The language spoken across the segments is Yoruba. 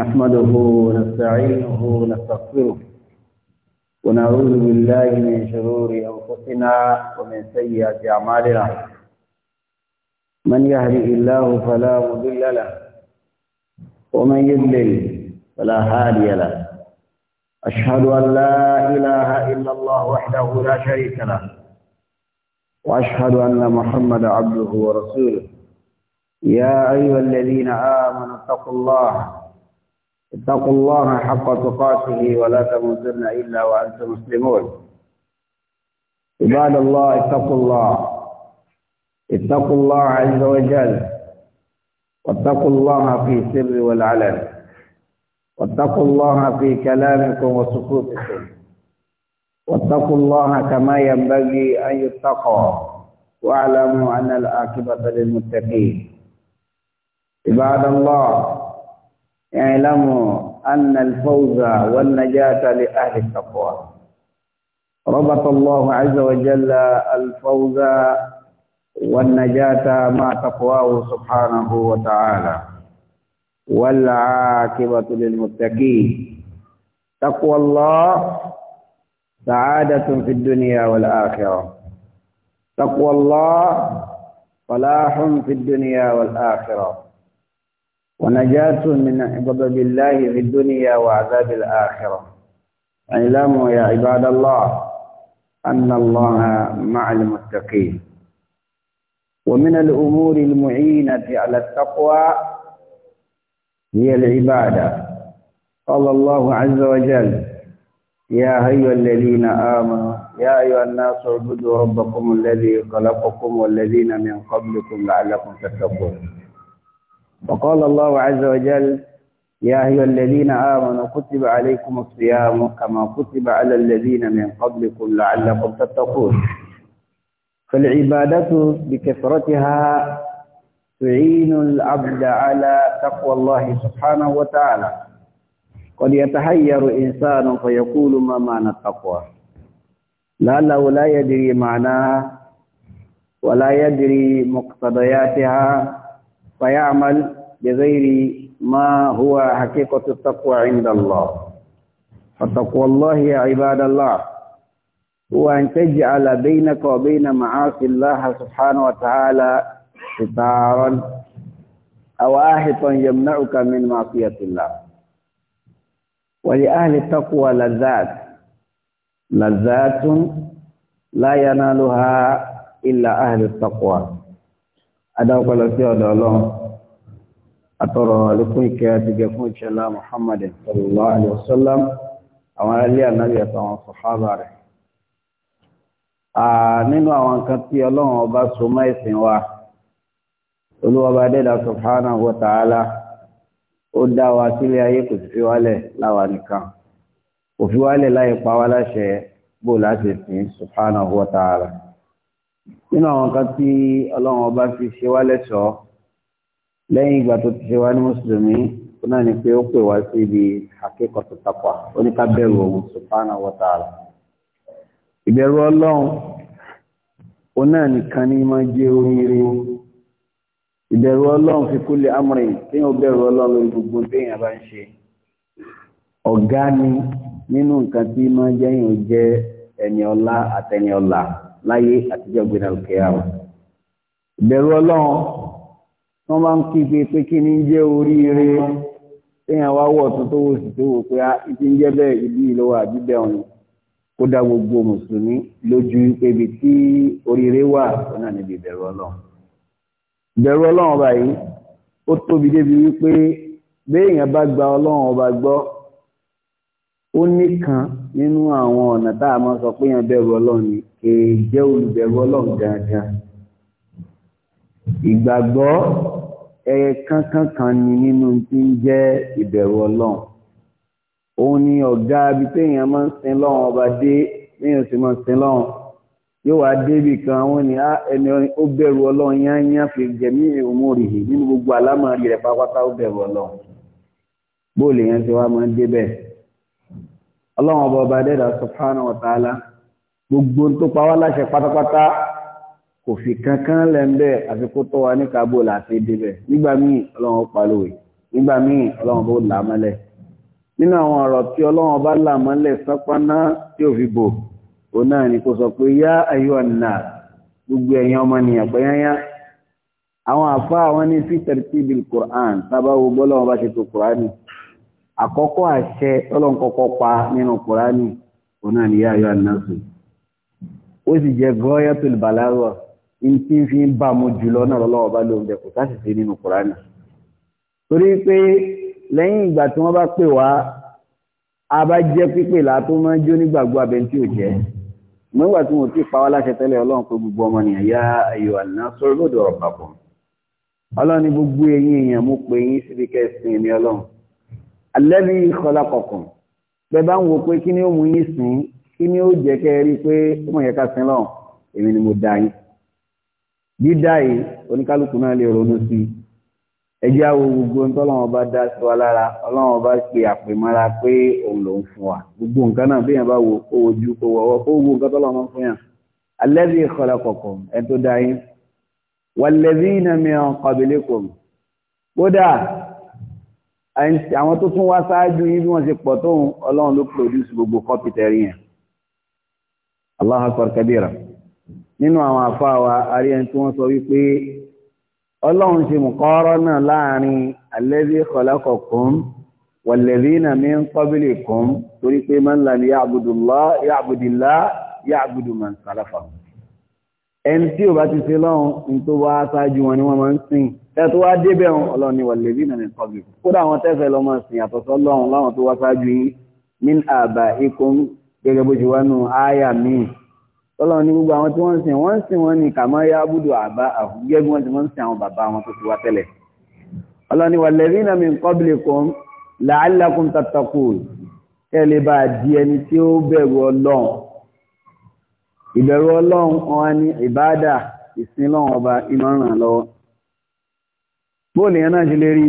نحمده ونستعينه ونستغفره ونعوذ بالله من شرور أنفسنا ومن سيئات أعمالنا من يهده الله فلا مضل له ومن يضلل فلا هادي له أشهد أن لا إله إلا الله وحده لا شريك له وأشهد أن محمدا عبده ورسوله يا أيها الذين آمنوا اتقوا الله اتقوا الله حق تقاته ولا تموتن إلا وأنتم مسلمون عباد الله اتقوا الله اتقوا الله عز وجل واتقوا الله في سر والعلن واتقوا الله في كلامكم وسكوتكم واتقوا الله كما ينبغي أن يتقى واعلموا أن العاقبة للمتقين عباد الله اعلموا أن الفوز والنجاة لأهل التقوى ربط الله عز وجل الفوز والنجاة مع تقواه سبحانه وتعالى والعاقبة للمتقين تقوى الله سعادة في الدنيا والآخرة تقوى الله صلاح في الدنيا والآخرة ونجاة من غضب الله في الدنيا وعذاب الآخرة اعلموا يا عباد الله أن الله مع المتقين ومن الأمور المعينة على التقوى هي العبادة قال الله عز وجل يا أيها الذين آمنوا يا أيها الناس اعبدوا ربكم الذي خلقكم والذين من قبلكم لعلكم تتقون وقال الله عز وجل يا أيها الذين آمنوا كتب عليكم الصيام كما كتب على الذين من قبلكم لعلكم تتقون فالعبادة بكثرتها تعين العبد على تقوى الله سبحانه وتعالى قد يتحير إنسان فيقول ما معنى التقوى لعله لا يدري معناها ولا يدري مقتضياتها فيعمل بغير ما هو حقيقة التقوى عند الله فتقوى الله يا عباد الله هو أن تجعل بينك وبين معاصي الله سبحانه وتعالى ستارا أو آهطا يمنعك من معصية الله ولأهل التقوى لذات لذات لا ينالها إلا أهل التقوى أدعوك الله àtọ̀rọ̀ àlékún ìkẹ́ àti gẹ̀ fún ìṣẹ́lá Muhammad sallallahu alaihi wasallam àwọn aráàlú ànábì àtàwọn sọ̀hábà rẹ̀. nínú àwọn nǹkan tí ọlọ́run ọba so mọ́ ẹ̀sìn wa olúwọba adẹ́dà subhanahu wa ta'ala ó bó láti sìn subhanahu wa ta'ala nínú àwọn nǹkan tí ọlọ́run ọba fi ṣe wálẹ̀ sọ́ọ́ lẹ́yìn ìgbà tó ti ṣe wá ní mùsùlùmí ó náà ni pé ó pè wá sí ibi akẹ́kọ̀ọ́ tapwa ó ní ká bẹ̀rù òun subhanahu wa ta'ala ìbẹ̀rù ọlọ́run ó náà nìkan ní máa jẹ́ ìbẹ̀rù ọlọ́run fi tí bẹ̀rù ọlọ́run lórí gbogbo téèyàn bá ń ṣe ọ̀gá ni nínú nǹkan tí máa jẹ́ ẹni ọlá àtẹni láyé àtijọ́ ọlọ́run wọ́n máa ń kígbe pé kí ni jẹ́ oríire téèyàn wá wọ̀ tó tó wò sí tó wò pé ti ah, ń jẹ́ bẹ́ẹ̀ ìlú ìlọ́wọ́ àbíbẹ̀ ọ̀hún kó dá gbogbo mùsùlùmí lójú ibi tí oríire wà náà níbi ìbẹ̀rù ọlọ́run ìbẹ̀rù ọlọ́run ọba yìí ó tóbi débi wípé béèyàn bá gba ọlọ́run ọba gbọ́ ó nìkan nínú àwọn ọ̀nà tá a máa sọ pé yàn bẹ̀rù ọlọ́run ni kèé jẹ́ olùbẹ̀rù ọlọ́run gangan ìgbàgbọ́ kankan kan ni nínú tí ń ịbẹrụ ìbẹ̀rù ọlọ́run òun ni ọ̀gá abi téèyàn máa ń sin lọ́wọ́n ọba dé téèyàn sì máa ń sin lọ́wọ́n yóò wá débì kan àwọn ni ah, ẹni ó bẹ̀rù ọlọ́run yányán fi jẹ̀mí nínú gbogbo àlámọ̀rí rẹ̀ pátápátá ó bẹ̀rù ọlọ́run yẹn ti wá máa ń débẹ̀ ọba ọba dẹ́dà gbogbo tó pa wá láṣẹ pátápátá kò fi kankan lẹ́ńbẹ́ àfi kó tọ́ wa ní kábò láti débẹ̀ nígbà míì ọlọ́run palówe nígbà míì ọlọ́run bó là mọ́lẹ̀ nínú àwọn ọ̀rọ̀ tí ọlọ́run bá là mọ́lẹ̀ sápáná tí ò fi bò òun náà ni kò sọ pé yá ayọ̀ nà gbogbo ẹ̀yin ọmọnìyàn pẹ́yányá àwọn àfa àwọn ní fi tartibil Qur'an tábà wo bọ́lọ́run bá ṣe tó Qur'ani àkọ́kọ́ àṣẹ ọlọ́run kọ́kọ́ pa nínú Qur'ani òun ni yá ayọ̀ nà sùn ó sì jẹ́ gọ́yà tó lè bàlá rọ̀ tí fi ń bá mu jùlọ náà lọ́wọ́ bá lóun bẹ̀ kò sáṣìṣe nínú kùránì torí pé lẹ́yìn ìgbà tí wọ́n bá pè wá a bá jẹ́ pípè látó máa ń jó nígbàgbọ́ abẹ́ntí ò jẹ́ nígbà tí wọ́n ti pa wá láṣẹ tẹ́lẹ̀ ọlọ́run pé gbogbo ọmọ nìyẹn yá ayò àná sórí lóde ọ̀rọ̀ papọ̀ ọlọ́run ní gbogbo eyín èèyàn mú pé yín síbi kẹsìn ní ọlọ́run alẹ́bí ìkọlá kọ̀ọ̀kan pé bá ń wo pé kí ni ó mú yín sìn kí ni ó jẹ́ kẹ́ rí pé ó mọ̀ yẹ ká sin lọ́run èmi ni mo dá yín dídá yìí oníkálukú náà lè ronú sí ẹjẹ́ àwọn gbogbo ń tọ́lọ́wọ́n bá dá sí wa lára ọlọ́wọ́n bá pe àpèmọ́ra pé òun ló ń fún wa gbogbo nǹkan náà bíyàn bá wo kó ojú kó wọ́wọ́ kó gbogbo nǹkan tọ́lọ́wọ́n fún yàn alladhi khalaqakum ẹ tó dá yín walladhina min qablikum kódà àwọn tó tún wá sáájú yín bí wọ́n ṣe pọ̀ tóun ọlọ́run ló produce gbogbo kọ́pìtẹ́rì yẹn Allahu akbar kabira nínú àwọn àfáàwà àrí ẹni tí wọ́n sọ wípé ọlọ́run ṣe mùkọ́rọ́ náà láàrin alladhi khalaqakum walladhina min qablikum torí pé man lam ya'budillah ya'budillah ya'budu man salafa ẹni tí ò bá ti ṣe lọ́run ní tó wá ṣáájú wọn ni wọ́n máa ń sìn tẹ́tù wá débẹ̀ ọlọ́run ni walladhina min qablikum kódà àwọn tẹ́fẹ̀ẹ́ lọ́mọ sìn àtọ̀sọ́ lọ́run láwọn tó wá ṣáájú yín min abaikum gẹ́gẹ́ bó ṣe wá nù áyà míì tọ́lọ́ ní gbogbo àwọn tí wọ́n ń sìn wọ́n ń sìn wọ́n ní kàmọ́ yá búdò àbá àfúgẹ́ bí wọ́n ti wọ́n ń sìn àwọn bàbá wọn tó ti wá tẹ́lẹ̀ ọlọ́ni wà lẹ́rí náà mi kọ́ bìlẹ̀ kan làálàkùn tàtàkù tẹ́lẹ̀ bá di ẹni tí ó bẹ̀rù ọlọ́run ìbẹ̀rù ọlọ́run wọn ní ìbáàdà ìsìn lọ́run ọba iná ràn lọ́wọ́ bóòlù yẹn náà ṣe lè rí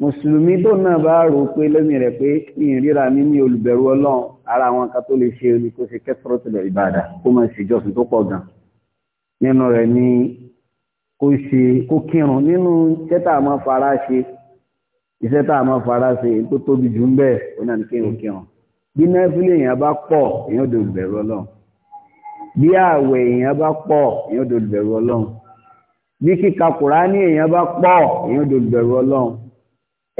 mùsùlùmí tó náà bá rò pé lẹ́mìí rẹ̀ pé ìrírà ní olùbẹ̀rù ọlọ́run ara àwọn nǹkan tó lè ṣe ni kó ṣe kẹ́sọ́rọ́ tẹ̀lẹ̀ ìbàdà kó máa ṣe ìjọsìn tó pọ̀ gan nínú rẹ̀ ni kó ṣe kó kírun nínú iṣẹ́ tá a máa fara ṣe iṣẹ́ tá a máa fara ṣe tó tóbi jù ń bẹ́ẹ̀ ó náà ní kírun kírun bí náfìlì èèyàn bá pọ̀ èèyàn ò dòdò bẹ̀rù ọlọ́run bí ààwẹ̀ èèyàn bá pọ̀ èèyàn ò dòdò bẹ̀rù ọlọ́run bí kíka kùránì èèyàn bá pọ̀ èèyàn ò dòdò bẹ̀rù ọlọ́run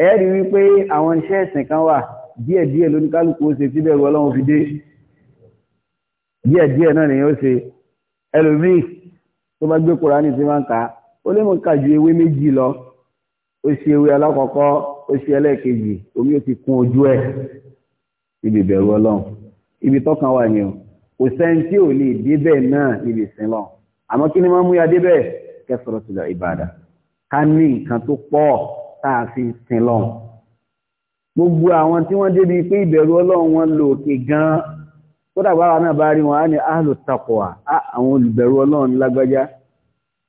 ẹ̀ẹ́rì wípé àwọn iṣẹ́ ìsìn kan wà díẹ̀díẹ̀ lóníkálùkù ó ṣe síbẹ̀rù ọlọ́run fi dé díẹ̀díẹ̀ náà nìyẹn ó ṣe ẹlòmíì tó bá gbé kùránì tí máa ń kà á ó lè mọ̀ ká ju ewé méjì lọ ó ṣe ewé alákọ̀ọ́kọ́ ó ṣe ẹlẹ́ẹ̀kejì omi ó ti kún ojú ẹ̀ ibi ìbẹ̀rù ọlọ́run ibi tọ́kàn wà ní o kò sẹ́ni tí ò lè débẹ̀ náà níbi ìsìn lọ àmọ́ kí ni máa mú ya débẹ̀ kẹsọ̀rọ̀ sílẹ̀ ìbàdàn ká ní nǹkan tó pọ̀ tá a fi sin lọ́hùn gbogbo àwọn tí wọ́n débi pé ìbẹ̀rù ọlọ́run wọn lò òkè gan-an tó dàgbà àwọn náà bá rí wọn á ní àlò takọ̀wà àwọn olùbẹ̀rù ọlọ́run lágbájá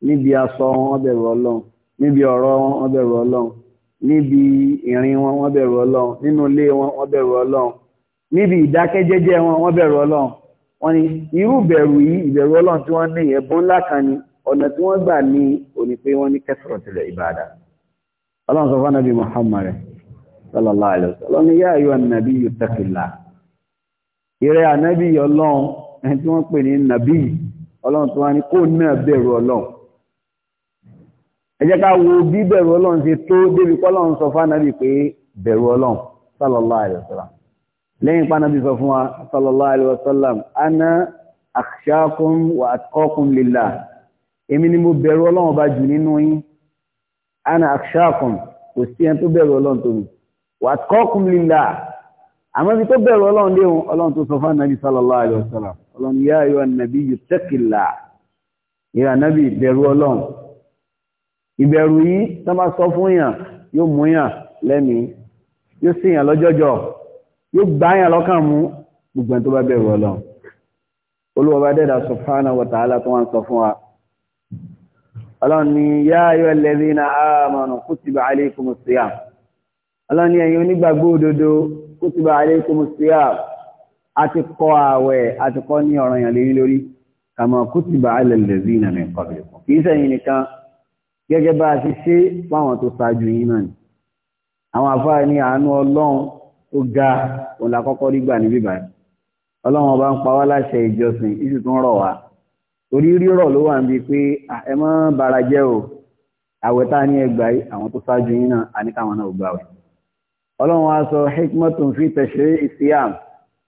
níbi aṣọ wọn bẹ̀rù ọlọ́run níbi ọ̀rọ̀ wọn bẹ̀rù ọlọ́run níbi ìrìn wọn wọ́n bẹ̀rù ọlọ́run nínú ilé wọn wọ́n bẹ̀rù ọlọ́run níbi ìdákẹ́jẹ́jẹ́ wọn wọ́n bẹ̀rù ọlọ́run wọ́n ní irú bẹ̀rù yìí ìbẹ̀rù ọlọ́run tí wọ́n ní ẹ̀bùn ńlá kan ni ọ̀nà tí wọ́n gbà ní òní pé wọ́n ní kẹsàrọ̀ tilẹ̀ ìbàdàn ọlọ́run sọ fún anábì Muhammad rẹ̀ sallallahu alaihi wasallam ni yá ayọ́ nàbí yóò tẹ́kìlá ìrẹ́ ànábì ọlọ́run ẹni tí wọ́n pè ní nàbí ọlọ́run tó wá ní kó náà bẹ̀rù ọlọ́run ẹ jẹ́ ká wo bí bẹ̀rù ọlọ́run ṣe tó débi pọ́lọ́run sọ fún ànábì pé bẹ̀rù ọlọ́run sallallahu alaihi wasallam lẹ́yìn pánábì sọ fún wa sallallahu alaihi wasallam ana akhshakum wa atqakum lillah èmi ni mo bẹ̀rù ọlọ́run ọba jù nínú yín ana akhshakum kò sí ẹni tó bẹ̀rù ọlọ́run tó mi wà kọ́kùn lílà àmọ́ ibi tó bẹ̀rù ọlọ́run dé wọn ọlọ́run tó sọ fún anabi sallallahu alayhi wa sallam ọlọ́run yá ayọ́ anabi yìí tẹ́kìlà ìrà anabi bẹ̀rù ọlọ́run ìbẹ̀rù yìí tó bá sọ fún yàn yóò mú yàn lẹ́mìí yóò sì yàn lọ́jọ́jọ́ yóò gbá yàn lọ́kàn mú gbogbo ẹni tó bá bẹ̀rù ọlọ́run olúwa bá dẹ́dà sọ fún wa ọlọ́run ni yá ayọ́ ọlọ́ni ẹ̀yin onígbàgbọ́ òdodo kutiba alaykumus siyam àti kọ ààwẹ̀ àti kọ́ ní ọ̀ràn yàn lérí lórí kama kutiba ala allazina min qablikum kìí sẹ́yìn nìkan gẹ́gẹ́ bá a ti ṣe fáwọn tó ṣáájú yín náà ni àwọn àfáà ní àánú ọlọ́run tó ga òun la kọ́kọ́ rí gbà ní bíbá ọlọ́run ọba ń pa wá láṣẹ ìjọsìn iṣu tó ń rọ̀ wá torí rírọ̀ ló wà níbi pé ẹ mọ́ bara jẹ́ o àwẹ̀ ní ẹgbàá àwọn tó ṣáájú yín náà àníkàwọn náà gbà wẹ̀ ọlọ́run a sọ hikmatun fi tashri'i siyam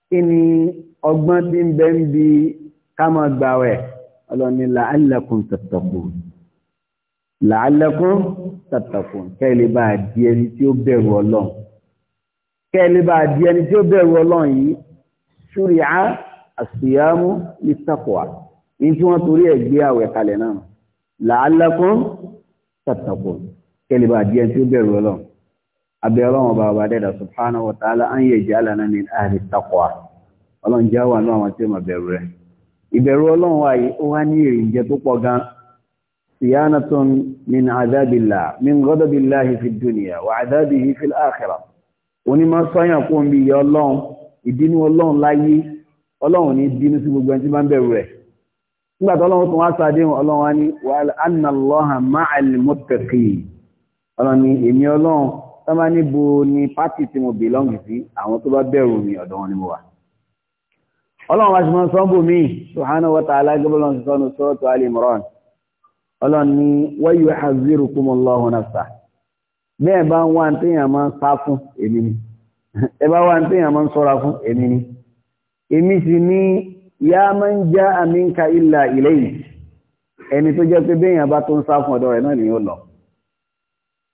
kí ni ọgbọ́n tí ń bẹ ń bi ká máa gbàwẹ̀ ọlọ́run ni la'allakum tattaqun la'allakum tattaqun kẹ́lẹ́ bá di ẹni tí ó bẹ̀rù ọlọ́run kẹ́lẹ́ bá di ẹni tí ó bẹ̀rù ọlọ́run yìí ṣúrìá àṣìyàmú ní taqwa ní tí wọ́n torí ẹ̀ gbé àwẹ̀ kalẹ̀ náà la'allakum tattaqun kẹ́lẹ́ bá di tí ó bẹ̀rù ọlọ́run abẹ́rọ̀wọ̀n bá wà dẹ́dà subhanahu wa ta'ala an yaj'alana min ahli taqwa ọlọ́run já wà náà wọn tí ó máa bẹ̀rù rẹ̀ ìbẹ̀rù ọlọ́run wáyé ó wá ní èrìjẹ tó pọ̀ gan siyanatun min azabillah min ghadabillahi fi dunya wa azabihi fil akhirah onímọ̀ sọ́yàn kó ń bí iye ọlọ́run ìbínú ọlọ́run láyé ọlọ́run ní bínú sí tí máa ọlọ́run tún wá sàdéhùn ọlọ́run wá ní wa anna Allaha ma'al muttaqin ọlọ́run ní èmi ọlọ́run tọ́mà níbo ni pátì tí mo belong sí àwọn tó bá bẹ̀rù mi ọ̀dọ̀ wọn ni mo wà ọlọ́run wá sí mọ́ sọ́ńbù mi subhanahu wa ta'ala gbọ́dọ̀ sọ́nu sọ́ọ̀tù Ali Imran ọlọ́run ni wa yuhazzirukumullahu nafsa bẹ́ẹ̀ bá ń wá ní téèyàn máa ń sá fún èmi ni ẹ bá wá ní téèyàn máa ń sọ́ra fún èmi ni èmi sì ní yá máa ń já àmì ń ka illa ilayhi ẹni tó jẹ́ pé béèyàn bá tó ń sá fún ọ̀dọ̀ rẹ̀ náà nìyẹn ó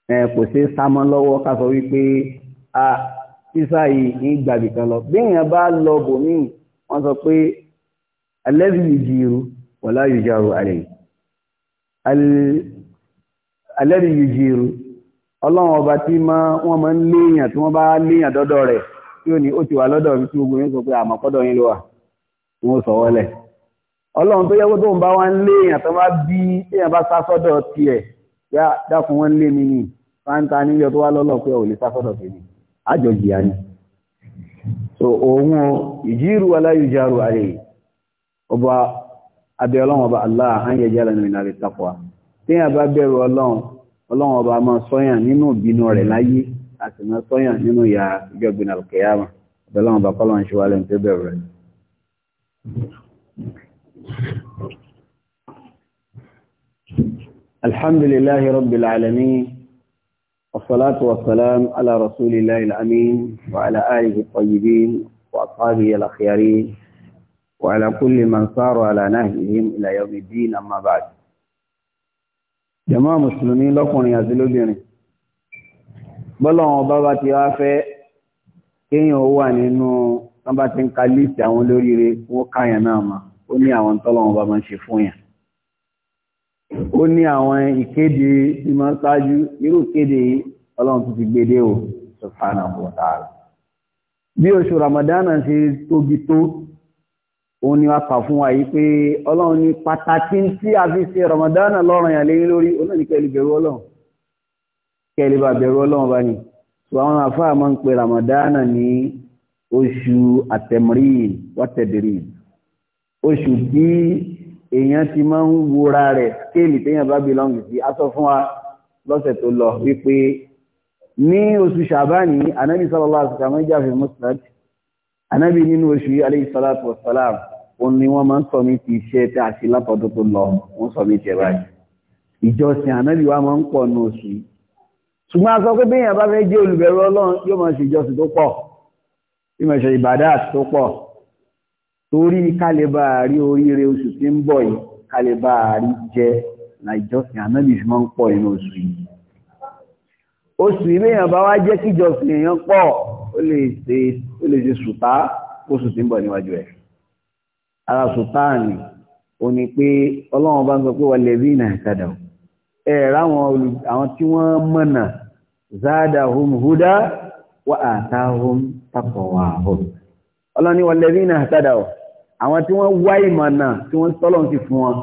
kò ṣe é sámọ́ lọ́wọ́ ká sọ wípé a sísá yìí ní gbàgbé kan lọ bí èèyàn bá lọ bòmíì wọ́n sọ pé alẹ́bí yìí jìrù wọ́lá yìí jàrù àlẹ́ alẹ́bí yìí jìrù ọlọ́run ọba tí wọ́n máa ń léèyàn tí wọ́n bá léèyàn dọ́dọ̀ rẹ̀ tí ó ní ó ti wà lọ́dọ̀ mi tí gbogbo yín sọ pé àmọ́kọ́dọ̀ yín ló wà wọ́n sọ wọ́lẹ̀ ọlọ́run tó yẹ kó tó bá wá ń léèyàn tó bá bí èèyàn bá sá sọ́dọ̀ tiẹ̀ pé ah, dákun wọn lé mi ní fáńtà níyọ tó wá lọ́lọ́ pé ò lè sáfọ́dọ̀ tèmi àjọ jìyà ni so òun ìjírù aláyùjárù àlè ọba abẹ ọlọ́run ọba Allah an yẹ jẹ́lẹ̀ nínú ìlàrí takwa tí a bá bẹ̀rù ọlọ́run ọlọ́run ọba máa sọ́yàn nínú ìbínú rẹ̀ láyé àti máa sọ́yàn nínú ìyà ìjọgbìn alkiyama ọlọ́run ọba kọ́lọ́run ṣe wà lẹ́nu tó Thank you. الحمد لله رب العالمين والصلاة والسلام على رسول الله الأمين وعلى آله الطيبين وأصحابه الأخيارين وعلى كل من صار على نهجهم إلى يوم الدين أما بعد جماعة مسلمين لكم يزلوا بني بل bàbá ti wá fẹ́ kéèyàn ó wà nínú tán bá ti ń ka líìsì àwọn olóríire wọ́n ó ní àwọn ìkéde tí máa ń ṣáájú irú ìkéde ọlọ́run tó ti gbede o subhanahu wa ta'ala bí oṣù ramadana ṣe tóbi tó òun ni wá kà fún wa yìí pé ọlọ́run ní pàtàkì tí a fi ṣe ramadana lọ́rùn yàn léyìn lórí olóòní kẹ́lì bẹ̀rù ọlọ́run kẹ́lì bá bẹ̀rù ọlọ́run bá ní so àwọn àfáà máa ń pe ramadana ní oṣù àtẹ̀mírì wàtẹ̀dẹ̀rì oṣù tí èèyàn ti máa ń wora rẹ̀ kéèlì téèyàn bá bílọ́ǹgì sí a sọ fún wa lọ́sẹ̀ tó lọ wípé ní oṣù ṣàbáni anábì sallallahu alaihi wasallam ìjà fi musnad anábì nínú oṣù alayhi salatu wassalam ó ní wọ́n máa ń sọ ní ti iṣẹ́ tí a ṣe látọ̀dún tó lọ wọ́n sọ ní tẹ̀wá ìjọsìn anábì wa máa ń pọ̀ ní oṣù ṣùgbọ́n a sọ pé béèyàn bá fẹ́ jẹ́ olùbẹ̀rù ọlọ́run yóò máa ṣe ìjọsìn tó pọ̀ yóò máa ṣe ìbàdà tó pọ̀ torí kálẹ̀bà rí oríire oṣù tí ń bọ̀ yìí kálẹ̀bà rí jẹ́ láìjọsìn ànábìsí máa ń pọ̀ inú oṣù yìí oṣù ilé èèyàn bá wá jẹ́ kíjọsìn èèyàn pọ̀ ó lè ṣe sùtá oṣù tí ń bọ̀ níwájú ẹ̀ ara sùtáàni ò ní pé ọlọ́run bá ń sọ pé wà lẹ́bí ìnà ìkadà ẹ̀ ráwọn àwọn tí wọ́n mọ̀nà záàdà húdá wà àtàhùn taqwahum ọlọ́run ni wà lẹ́bí ìnà ìkadà ọ̀ àwọn tí wọ́n wá ìmọ̀nà tí wọ́n tọ́lọ́n ti fún wọn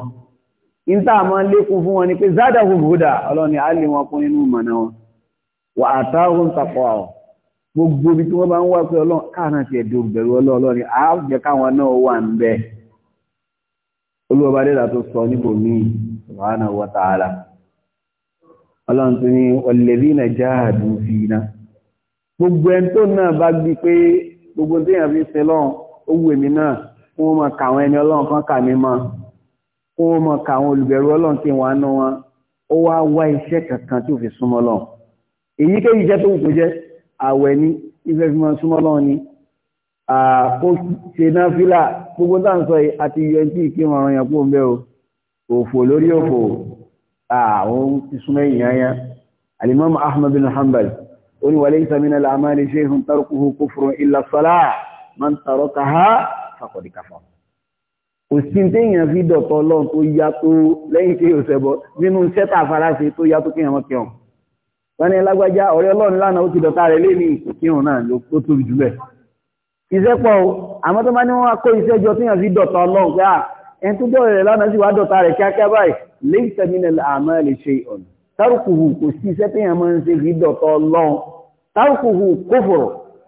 in tá àmọ́ lékún fún wọn ni pé zádà hùbúdà ọlọ́ni a lè wọn kún nínú ìmọ̀nà wọn wà àtàrùn tapọ̀ ọ̀ gbogbo ibi tí wọ́n bá ń wá pé ọlọ́run káàná ti ẹ̀dọ̀ bẹ̀rù ọlọ́ọ̀lọ́ni a jẹ́ káwọn náà wà ń bẹ olúwọba gbogbo ẹni tó náà bá gbí pé gbogbo téèyàn fi ṣe lọ́run ó wù èmi náà kó mọ̀ kàwọn ẹni ọlọ́run kan kà mí mọ́ kó mọ̀ kàwọn olùbẹ̀rù ọlọ́run tí wọ́n á ná wọn ó wá wá iṣẹ́ kankan tí ò fi súnmọ́ lọ́run èyíkéyìí iṣẹ́ tó wù kó jẹ́ àwẹ̀ ní ìfẹ́ fi mọ́ súnmọ́ lọ́run ni kó ṣe náà fílà gbogbo tá à ń sọ yìí àti unt kí wọn ràn yàn kó ń bẹ o òfò lórí òfò àwọn ti súnmọ́ èyí yányá alimami ahmed bin hanbal ó ní wàlẹ́ ìsàmínà làmárì ṣe ń tarkuhu kufrun illa salah man tarakaha fàkọ̀dì kàfà kò sí téèyàn fi dọ̀tọ̀ ọlọ́run tó yá tó lẹ́yìn tí yóò ṣẹbọ nínú iṣẹ́ tá a fara ṣe tó yá tó kéèyàn kí ọ̀hún wọn ní lágbájá ọ̀rẹ́ ọlọ́run lánàá ó ti dọ̀tá rẹ̀ léèní ìkíhùn náà ló tóbi jù iṣẹ́ pọ̀ o àmọ́ tó bá ní wọ́n kó iṣẹ́ jọ téèyàn fi dọ̀tọ̀ ọlọ́run pé à ẹni tó dọ̀rẹ̀ rẹ̀ lánàá sì wá dọ̀tá rẹ̀ kíákíá báyìí lẹ́yìn tẹ̀mínẹ̀lì àmọ́ lè ṣe ọ̀nà táwùkùhù kò sí iṣẹ́ téèyàn máa ń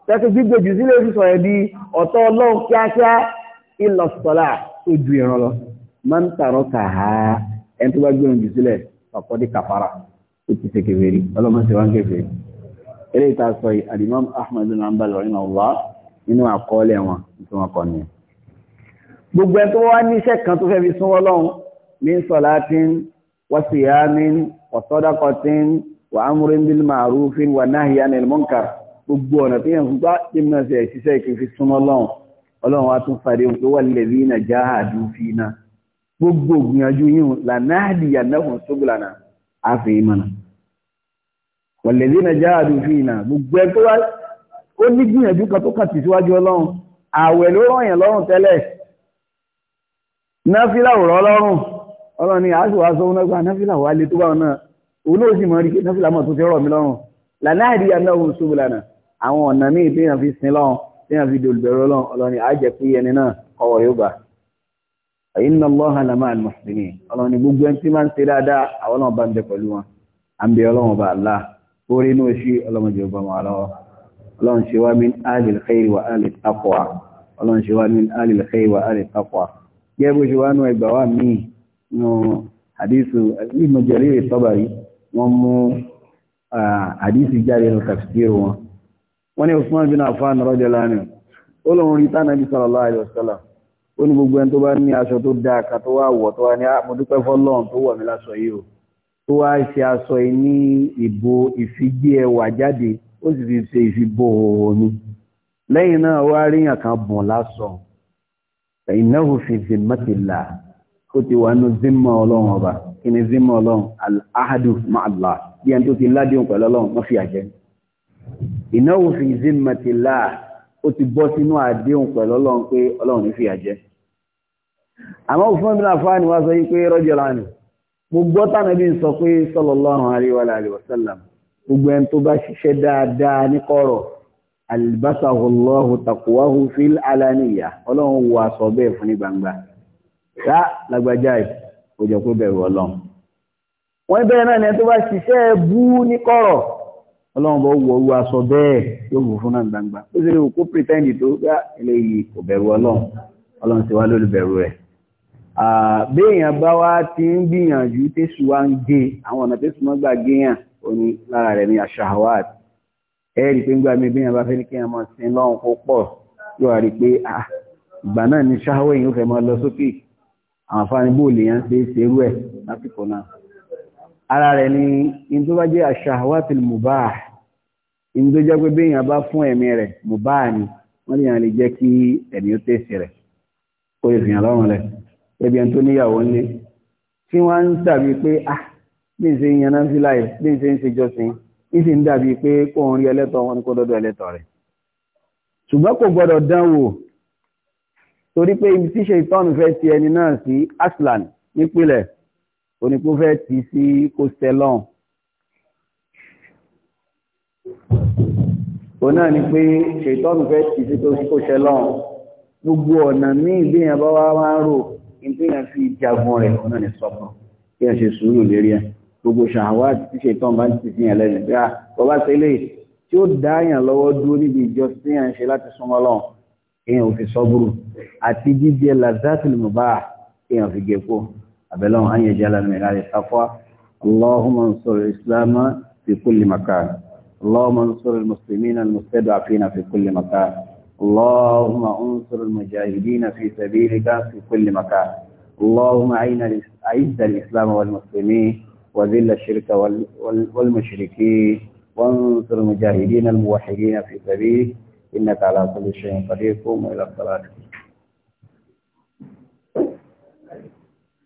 tẹ́kí gbígbé jù sílé ojú sọ̀rọ̀ di ọ̀tọ̀ ọlọ́run kíákíá ìlọ̀sọ̀lá tó ju ìran lọ máa ń tààrọ̀ kà á ẹni tó bá gbé ojú sílẹ̀ ọ̀pọ̀ di kàfàrà ó ti ṣe kèfèrí ọlọ́mọ ṣe wọ́n kèfèrí eré ìta sọ yìí ahmed nambal ọ̀rìnà wà nínú àkọọ́lẹ̀ wọn tí wọ́n kọ ni. gbogbo ẹni tó wá níṣẹ́ kan tó fẹ́ fi sún ọlọ́run min salatin wa siyamin wa sadaqatin wa amrin bil ma'rufin wa nahyin anil munkar gbogbo ọ̀nà tó yẹn gbá ìmọ̀sẹ̀ ìṣiṣẹ́ ìkẹfì súnmọ́ lọ́wọ́ ọlọ́run wá tún fàdé ohun tó wà lè rí iná já àdú fi iná gbogbo ògbìyànjú yìí lànàádì yànnáhùn sóbìlànà àfi ìmọ̀nà wọ̀lẹ̀ rí iná já àdú fi iná gbogbo ẹ tó wá ó ní gbìyànjú kan tó kàn tìsíwájú ọlọ́run ààwẹ̀ ló ràn yàn lọ́rùn tẹ́lẹ̀ náfìlà ò rọ́ lọ́rùn ọlọ́run ni àásù wá sọ́wọ́n náà náfìlà náà òun náà sì àwọn ọ̀nà míì tí èèyàn fi sin lọ́hùn tí èèyàn fi dòlùbẹ̀rẹ̀ ọlọ́hùn ọlọ́ni àjẹ́ pé ẹni náà ọwọ́ yóò gbà inna Allaha lama'al muhsinin ọlọ́run ni gbogbo ẹni tí máa ń ṣe dáadáa àwọn náà bá ń bẹ pẹ̀lú wọn à ń bẹ ọlọ́run bá Allah orí inú oṣù ọlọ́run jẹ́ ọba wọn lọ́wọ́ ọlọ́run ṣe wá min alil khayri wa alil taqwa ọlọ́run ṣe wá min alil khayri wa alil taqwa gẹ́gẹ́ bó ṣe wá nú ẹgbà wà míì nù hadithu Ibn Jarir at-Tabari wọ́n mú hadithu jáde nù tafsir wọn wọ́n ní Usman bin Affan radiyallahu anhu olóhun rí tánà bí sallallahu alaihi wasallam ó ní gbogbo ẹni tó bá ní aṣọ tó dáa ká tó wá wọ̀ tó wá ní àmọ́dúpẹ́ ah, fọ́lọ́run tó wọ̀ mí láṣọ yìí o tó wá ṣe aṣọ yìí ní ìbò ìfigbé ẹwà jáde ó sì fi ṣe ìfibò òní lẹ́yìn náà wá ríyàn kan bùn lásọ innahu fi zimmatillah ó ti wà nínú zimma ọlọ́run ọba kí ni zimma ọlọ́run al-ahadu bí ẹni tó ti ládéhùn pẹ̀lú ọlọ́run wọ́n fi àjẹ́ ìnáwó fi zimmatila ó ti bọ́ sínú àdéhùn pẹ̀lú ọlọ́run pé ọlọ́run ní fìyà jẹ àmọ́ fún ìbínú àfáàní wá sọ yí pé rọ́jọ́ lánà mo gbọ́ tánàbí sọ pé sallallahu alaihi wa alihi wa sallam gbogbo ẹni tó bá ṣiṣẹ́ dáadáa ní kọ̀rọ̀ albasahulahu takuwahu fil alaniya ọlọ́run wo aṣọ bẹ́ẹ̀ fún ní gbangba rá lágbájá ìkójọ pé bẹ̀rù ọlọ́run wọ́n bẹ́ẹ̀ náà ni ẹni tó bá ṣiṣẹ́ bú ní kọ̀rọ̀ ọlọ́run bọ́ wọ orú aṣọ bẹ́ẹ̀ yóò wò fún náà gbangba ó sì lè kó pretend tó bá eléyìí kò bẹ̀rù ọlọ́run ọlọ́run ti wá lólùbẹ̀rù rẹ̀ béèyàn bá wá ti ń gbìyànjú tẹ́sù wá ń gé àwọn ọ̀nà tẹ́sù mọ́ gbà géèyàn ó ní lára rẹ̀ ní aṣahawat ẹ rí i pé ńgbà mi béèyàn bá fẹ́ ní kéèyàn máa sin lọ́run kó pọ̀ yóò wá rí pé ìgbà náà ni ṣáwọ́ èèyàn ó fẹ́ máa lọ sókè àwọn afáàní bóòlù yẹn ṣe é ṣerú ẹ̀ lásìkò náà ara rẹ̀ ni in tó bá jẹ́ aṣàwátìl mubah in tó jẹ́ pé béèyàn bá fún ẹ̀mí rẹ̀ mubah ni wọ́n lè yàn lè jẹ́ kí ẹ̀mí ó tẹ̀sí rẹ̀ kó lè fìyàn lọ́rùn rẹ̀ ẹbí ẹni tó níyàwó ńlé tí wọ́n ń dàbí pé ah bí n ṣe ń yaná sí láì bí n ṣe ń ṣe jọ́sìn ń sì ń dàbí pé kó ń rí ẹlẹ́tọ̀ wọn kó dọ́dọ̀ ẹlẹ́tọ̀ rẹ̀ ṣùgbọ́n kò gbọ́dọ̀ dán torí pé ibi tíṣe ìtọ́nù ti ẹni náà sí aslan nípìnlẹ̀ onípò fẹ́ tì sí kòsẹ́lọ́n òun náà ni pé ṣètọ́nù fẹ́ tì sí kòsẹ́lọ́n gbogbo ọ̀nà míì bí èèyàn bá wá wá ń rò ìpínyàn fi jagun rẹ̀ ọ̀nà ní sọ́kàn kí ẹ ṣe sùúrù lérí ẹ gbogbo ṣàwá tí ṣètọ́n bá ti fi yàn lẹ́nu bí a bọ́bá tẹ́lẹ̀ tí ó dáyàn lọ́wọ́ dúró níbi ìjọsìn tí yàn ń ṣe láti súnmọ́ lọ́hùn èèyàn ò fi sọ́gbùrù àti jíjẹ lazatulmubah èèyàn fi gẹ̀ẹ́kọ́ abẹ́lọ́run á yẹn jẹ́ lánàá ìlàrí sáfà اللهم انصر الإسلام في كل مكان اللهم انصر المسلمين المستضعفين في كل مكان اللهم انصر المجاهدين في سبيلك في كل مكان اللهم عين أعز الإسلام والمسلمين وذل الشرك والمشركين وانصر المجاهدين الموحدين في سبيلك إنك على كل شيء قدير قوموا إلى الصلاة